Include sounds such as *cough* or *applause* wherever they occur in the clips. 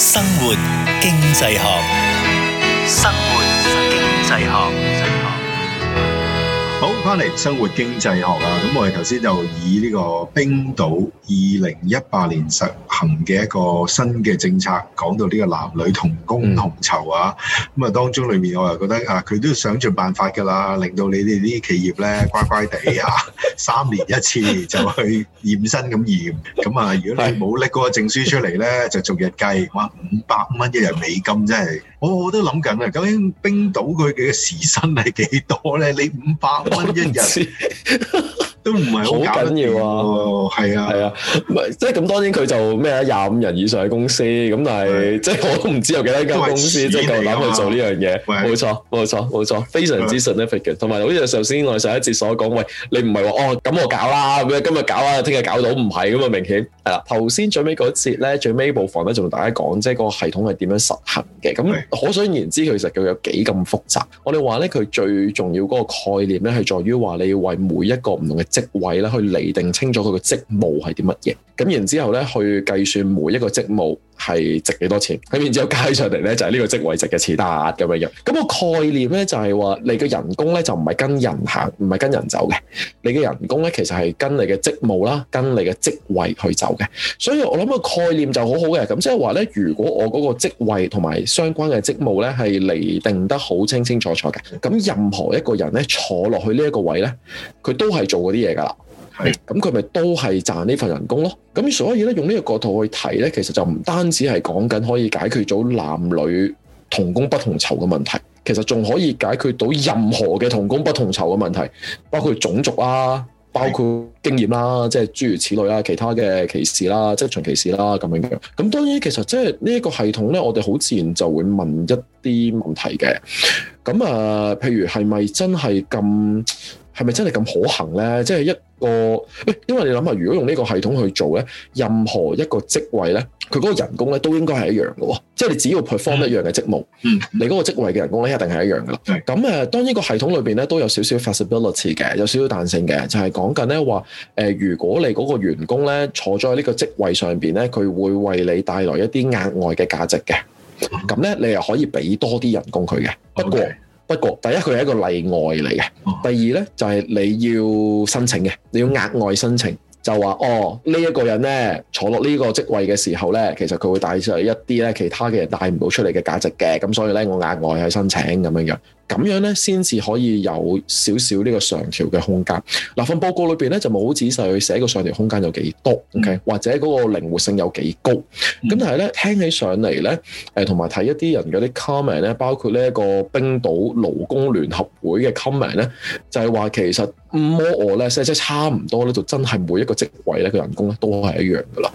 生活經濟學，生活經濟學。好，翻嚟生活經濟學啊！咁我哋頭先就以呢個冰島二零一八年實行嘅一個新嘅政策講到呢個男女同工同酬，嗯、啊！咁啊當中裏面我又覺得啊，佢都想盡辦法㗎啦，令到你哋啲企業咧乖乖地啊， *laughs* 三年一次就去驗身咁驗，咁啊如果你冇拎嗰個證書出嚟咧，就逐日計，哇五百蚊一日美金真係～我、哦、我都諗緊啊，究竟冰島佢嘅時薪係幾多少呢？你五百蚊一日。 *laughs* 都唔係好緊要啊，係、哦、啊，係啊，唔係即係咁當然佢就咩啊廿五人以上嘅公司咁、啊，但係即係我都唔知有幾多間公司即係夠膽去做呢樣嘢，冇、啊、錯冇錯冇錯，非常之 significant、啊。同埋好似係頭先我哋上一節所講，喂，你唔係話哦咁我搞啦咁樣，今日搞啊，聽日搞到唔係咁啊，明顯係啦。頭先最尾嗰節咧，最尾部分咧，就同大家講即係個系統係點樣實行嘅。咁、啊、可想而知，其實佢有幾咁複雜。我哋話咧，佢最重要嗰個概念咧，係在於話你要為每一個唔同嘅職位去釐定清楚佢個職務係啲乜嘢，咁然後呢，去計算每一個職務，係值幾多錢？然之後街上嚟咧，就係呢個職位值嘅錢得咁樣嘅。咁個概念咧就係話，你嘅人工咧就唔係跟人行，唔係跟人走嘅。你嘅人工咧其實係跟你嘅職務啦，跟你嘅職位去走嘅。所以我諗個概念就好好嘅。咁即係話咧，如果我嗰個職位同埋相關嘅職務咧係釐定得好清清楚楚嘅，咁任何一個人咧坐落去呢一個位咧，佢都係做嗰啲嘢㗎啦。咁佢咪都係賺呢份人工咯？咁所以咧，用呢個角度去睇咧，其實就唔單止係講緊可以解決到男女同工不同酬嘅問題，其實仲可以解決到任何嘅同工不同酬嘅問題，包括種族啊，包括經驗啦，即係諸如此類啦，其他嘅歧視啦，即係職場歧視啦咁樣樣。咁當然其實即係呢一個系統咧，我哋好自然就會問一啲問題嘅。咁啊，譬如係咪真係咁？係咪真係咁可行咧？即、就、係、是、一個，因為你諗下，如果用呢個系統去做咧，任何一個職位咧，佢嗰個人工咧都應該係一樣嘅喎。即係你只要 perform 一樣嘅職務，嗯嗯、你嗰個職位嘅人工咧一定係一樣嘅啦。咁、嗯、誒，當呢個系統裏邊咧都有少少 flexibility 嘅，有少少彈性嘅，就係講緊咧話誒，如果你嗰個員工咧坐咗喺呢個職位上邊咧，佢會為你帶來一啲額外嘅價值嘅。咁、嗯、咧，那你又可以俾多啲人工佢嘅。不過不過，第一，佢係一個例外嚟嘅。第二呢，就係、是、你要申請嘅，你要額外申請。就話哦，呢、這、一個人咧坐落呢個職位嘅時候咧，其實佢會帶出一啲咧其他嘅人帶唔到出嚟嘅價值嘅，咁所以咧我額外去申請咁樣樣，咁樣咧先至可以有少少呢個上調嘅空間。嗱、啊、份報告裏邊咧就冇好仔細去寫個上調空間有幾多、嗯、，OK？或者嗰個靈活性有幾高？咁、嗯、但係咧聽起上嚟咧，誒同埋睇一啲人嘅啲 comment 咧，包括呢一個冰島勞工聯合會嘅 comment 咧，就係、是、話其實。唔摸我咧，即係差唔多咧，就真係每一個職位咧，個人工咧都係一樣噶啦。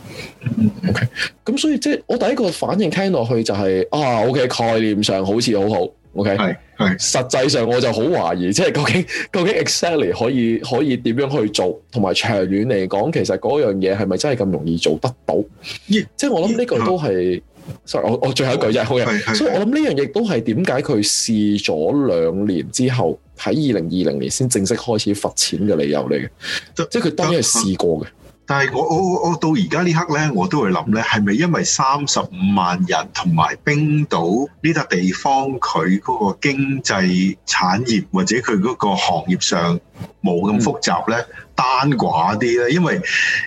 OK，咁所以即係我第一個反應聽落去就係、是、啊，OK，概念上好似好好。OK 係係，實際上我就好懷疑，即係究竟究竟 Excel 可以可以點樣去做，同埋長遠嚟講，其實嗰樣嘢係咪真係咁容易做得到？即係我諗呢個都係，sorry，我我最後一句就係 OK。所以我諗呢樣嘢都係點解佢試咗兩年之後。喺二零二零年先正式開始罰錢嘅理由嚟嘅，即係佢當日試過嘅。但係我我我到而家呢刻咧，我都會諗咧，係咪因為三十五萬人同埋冰島呢笪地方佢嗰個經濟產業或者佢嗰個行業上冇咁複雜咧？嗯單寡啲咧，因為、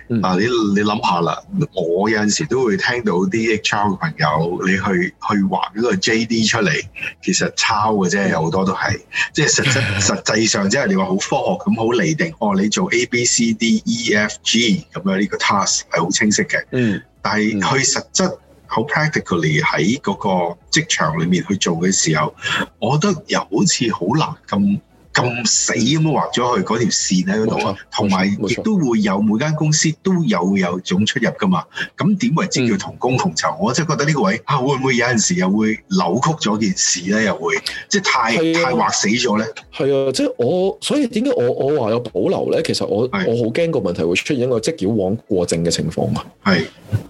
嗯、你你諗下啦，我有陣時都會聽到啲 HR 嘅朋友，你去去畫嗰個 JD 出嚟，其實抄嘅啫，有好多都係，即係實質實際上即係 *laughs* 你話好科學咁好厘定，哦，你做 A B C D E F G 咁樣呢、這個 task 係好清晰嘅、嗯，但係去實質好 practically 喺嗰個職場裡面去做嘅時候，我覺得又好似好難咁。咁死咁樣畫咗去嗰條線喺嗰度啊，同埋亦都會有每間公司都有有種出入㗎嘛。咁點為之叫同工同酬？嗯、我真係覺得呢個位啊，會唔會有陣時又會扭曲咗件事咧？又會即係太、啊、太畫死咗咧？係啊，即係我所以點解我我話有保留咧？其實我、啊、我好驚個問題會出現一個即係矯枉過正嘅情況啊。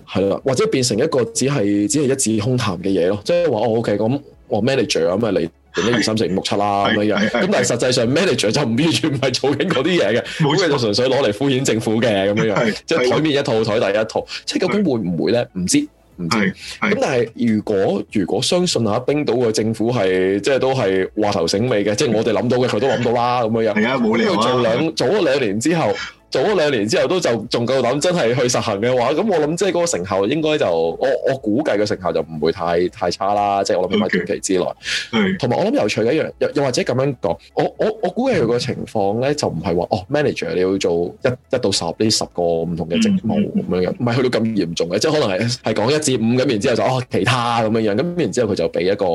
係啦、啊，或者變成一個只係只係一紙空談嘅嘢咯。即係話我 OK，咁我 manager 咁啊你。一二三四五六七啦咁樣樣，咁但係實際上 manager 就唔完全唔係做緊嗰啲嘢嘅，咁嘅就純粹攞嚟敷衍政府嘅咁樣樣，即係台面一套，台底一套，即係究竟會唔會咧？唔知，唔知。咁但係如果如果相信下冰島嘅政府係即係都係話頭醒尾嘅，即係、就是、我哋諗到嘅佢都諗到啦咁樣樣。係啊，做兩做咗兩年之後。早兩年之後都就仲夠膽真係去實行嘅話，咁我諗即係嗰個成效應該就我我估計嘅成效就唔會太太差啦。即係我諗喺短期之內，同、okay. 埋我諗有趣嘅一樣，又又或者咁樣講，我我我估計佢個情況咧就唔係話哦，manager 你要做一一到十呢十個唔同嘅職務咁樣、mm-hmm. 樣，唔係去到咁嚴重嘅，即係可能係係講一至五咁，然之後就哦其他咁樣樣，咁然之後佢就俾一個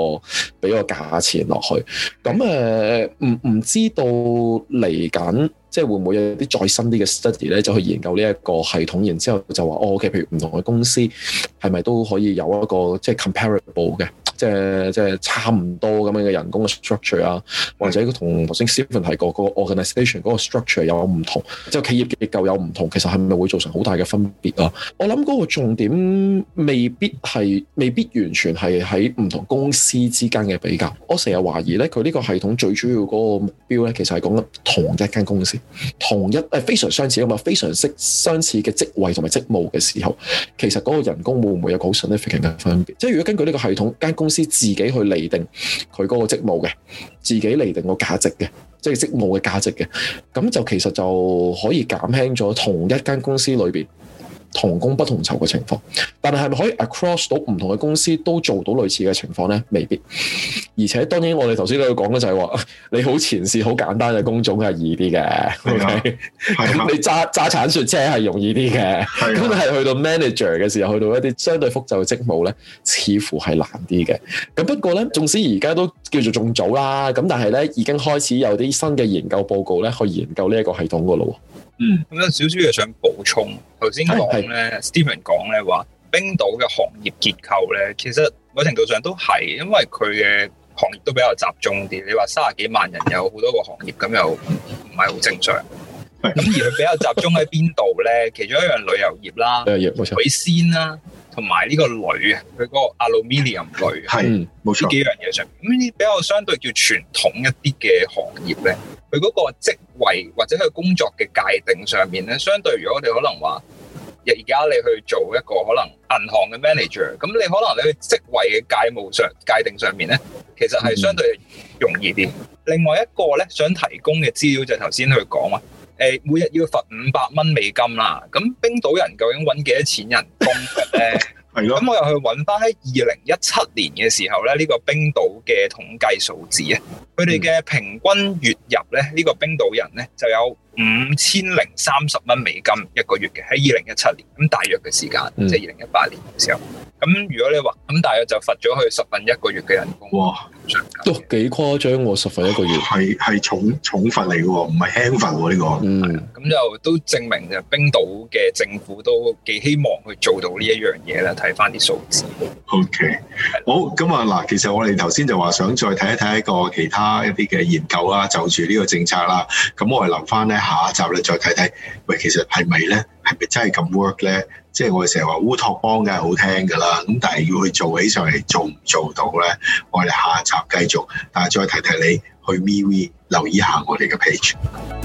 俾個價錢落去。咁誒，唔唔知道嚟緊。即係會唔會有啲再深啲嘅 study 咧，就去研究呢一個系統，然之後就話哦，OK，譬如唔同嘅公司係咪都可以有一個即係、就是、comparable 嘅？即係即係差唔多咁樣嘅人工嘅 structure 啊，或者佢同頭先 Stephen 提過嗰個 organization 嗰個 structure 又有唔同，即係企業結構有唔同，其實係咪會造成好大嘅分別啊？我諗，個重點未必係未必完全係喺唔同公司之間嘅比較，我成日懷疑咧，佢呢個系統最主要個目標咧，其實係講緊同一間公司，同一誒非常相似啊嘛，非常識相似嘅職位同埋職務嘅時候，其實個人工會唔會有個好 significant 嘅分別。嗯，即係如果根據呢個系統間公司公司自己去厘定佢嗰個職務嘅，自己厘定個價值嘅，即係職務嘅價值嘅，咁就其實就可以減輕咗同一間公司裏邊同工不同酬嘅情況。但係係咪可以 across 到唔同嘅公司都做到類似嘅情況咧？未必。而且當然，我哋頭先都講嘅就係、是、話，你好前線好簡單嘅工種係易啲嘅，係咁你揸揸鏟雪車係容易啲嘅，咁係、okay? 去到 manager 嘅時候，去到一啲相對複雜嘅職務咧，似乎係難啲嘅。咁不過咧，縱使而家都叫做仲早啦，咁但係咧已經開始有啲新嘅研究報告咧，去研究呢一個系統嘅咯。嗯，咁有少少嘢想補充頭先講咧，Stephen 講咧話冰島嘅行業結構咧，其實某程度上都係因為佢嘅。行業都比較集中啲。你話三十幾萬人有好多個行業，咁又唔係好正常。咁 *laughs* 而佢比較集中喺邊度咧？其中一樣旅遊業啦，海鮮啦，同埋呢個鋁，啊，佢個 aluminium 鋁係冇錯，幾樣嘢上面咁啲比較相對叫傳統一啲嘅行業咧，佢嗰個職位或者佢工作嘅界定上面咧，相對如果我哋可能話，而家你去做一個可能銀行嘅 manager，咁你可能你去職位嘅界務上界定上面咧。其實係相對容易啲。另外一個咧，想提供嘅資料就係頭先佢講啊，誒，每日要罰五百蚊美金啦。咁冰島人究竟揾幾多錢人工嘅咧？ *laughs* *laughs* 咁、嗯、我又去揾翻喺二零一七年嘅時候咧，呢、這個冰島嘅統計數字啊，佢哋嘅平均月入咧，呢、這個冰島人咧就有五千零三十蚊美金一個月嘅，喺二零一七年咁大約嘅時間，即係二零一八年嘅時候。咁、嗯、如果你話咁大約就罰咗佢十分一個月嘅人工。都幾誇張喎，罰一個月係係、哦、重重罰嚟嘅喎，唔係輕罰喎呢個。嗯，咁就都證明嘅冰島嘅政府都幾希望去做到呢一樣嘢啦。睇翻啲數字。O、Okay. K，好，咁啊嗱，其實我哋頭先就話想再睇一睇一個其他一啲嘅研究啦、啊，就住呢個政策啦。咁我哋留翻咧下一集咧再睇睇。喂，其實係咪咧？係咪真係咁 work 咧？即係我哋成日話烏托邦梗係好聽㗎啦，咁但係要去做起上嚟，做唔做到咧？我哋下一集繼續，但係再提提你去 MeWe 留意下我哋嘅 page。